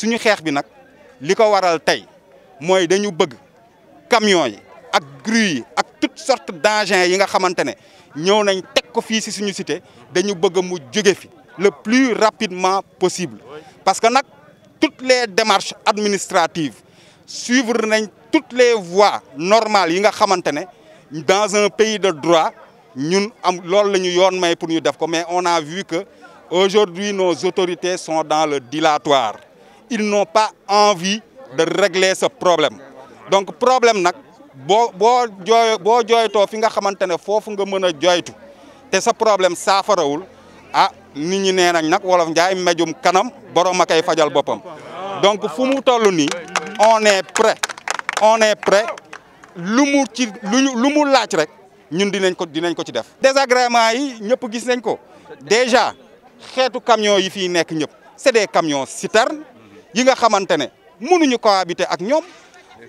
suñu nous bi nak liko waral tay moy dañu bëgg camions yi ak grue ak toutes sortes d'engins yi nga xamantene ne ñëw nañ tek ko fi ci suñu cité dañu bëgg mu fi le plus rapidement possible parce que nak toutes les démarches administratives suivre nañ toutes les voies normales yi nga xamantene dans un pays de droit ñun am loolu lañu yoon may pour ñu def ko mais on a vu que aujourd'hui nos autorités sont dans le dilatoire ils n'ont pas envie de régler ce problème donc problème nag boo boo jooy boo jooytoo fi nga xamante ne foofu nga mën a jooytu te sa problème saafarawul ah nit ñi nee nañ nag wolof njaay mejum kanam borom a fajal boppam donc fu mu toll on est prêt on est prêt lu mu ci luñu lu mu laaj rek ñun dinañ ko dinañ ko ci def désagrément yi ñëpp gis nañ ko déjà xeetu camions yi fii nekk ñëpp c'est des camions citernes yi nga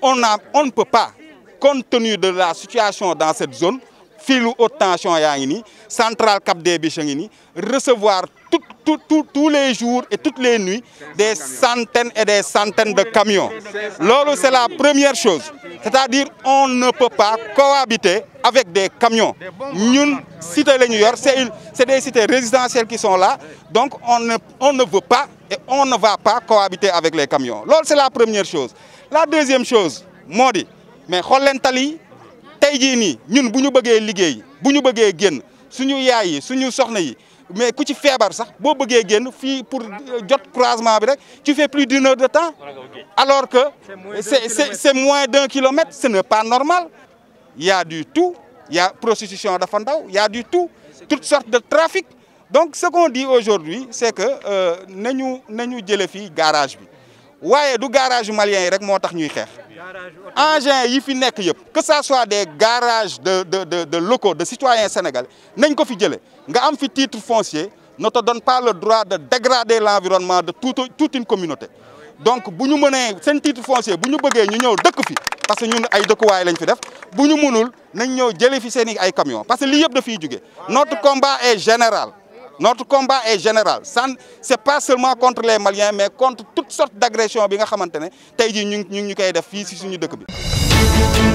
on a on ne peut pas compte tenu de la situation dans cette zone filu haute tension centrale Cap des recevoir tout tous les jours et toutes les nuits des centaines et des centaines de camions c'est la première chose c'est-à-dire on ne peut pas cohabiter avec des camions ñun cité c'est des cités résidentielles qui sont là donc on on ne veut pas et on ne va pas cohabiter avec les camions c'est la première chose la deuxième chose Modi, que mais xool leen tali yi tey jii nii ñun bu ñu bëggee liggéey bu ñu génn suñu mais ku ci sax pour euh, jot croisement tu fais plus d'une heure de temps alors que c'est moins d'un kilomètre ce n'est pas normal il y a du tout il y a prostitution dafa Fandao, il y a du tout toutes sortes de trafic donc ce qu'on dit aujourd'hui c'est que euh, nous avons jële le garage bi waaye du garage malien yi rek moo tax ñuy engins yi fi que ça soit des garages de de de de locaux de citoyens sénégalais nañ ko fi jële nga am fi titre foncier ne te donne pas le droit de dégrader l'environnement de toute toute une communauté donc si ñu mënee un titre foncier bu ñu bëggee ñu ñëw dëkk parce que ñun ay dëkkuwaay lañ fi def Nous ñu mënul nañ ñëw jële fi seen ay camions parce que lii yëpp dafiy jóge notre combat est général notre combat est général. Ce n'est pas seulement contre les Maliens, mais contre toutes sortes d'agressions nous avons